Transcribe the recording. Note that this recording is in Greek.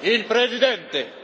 Il Presidente.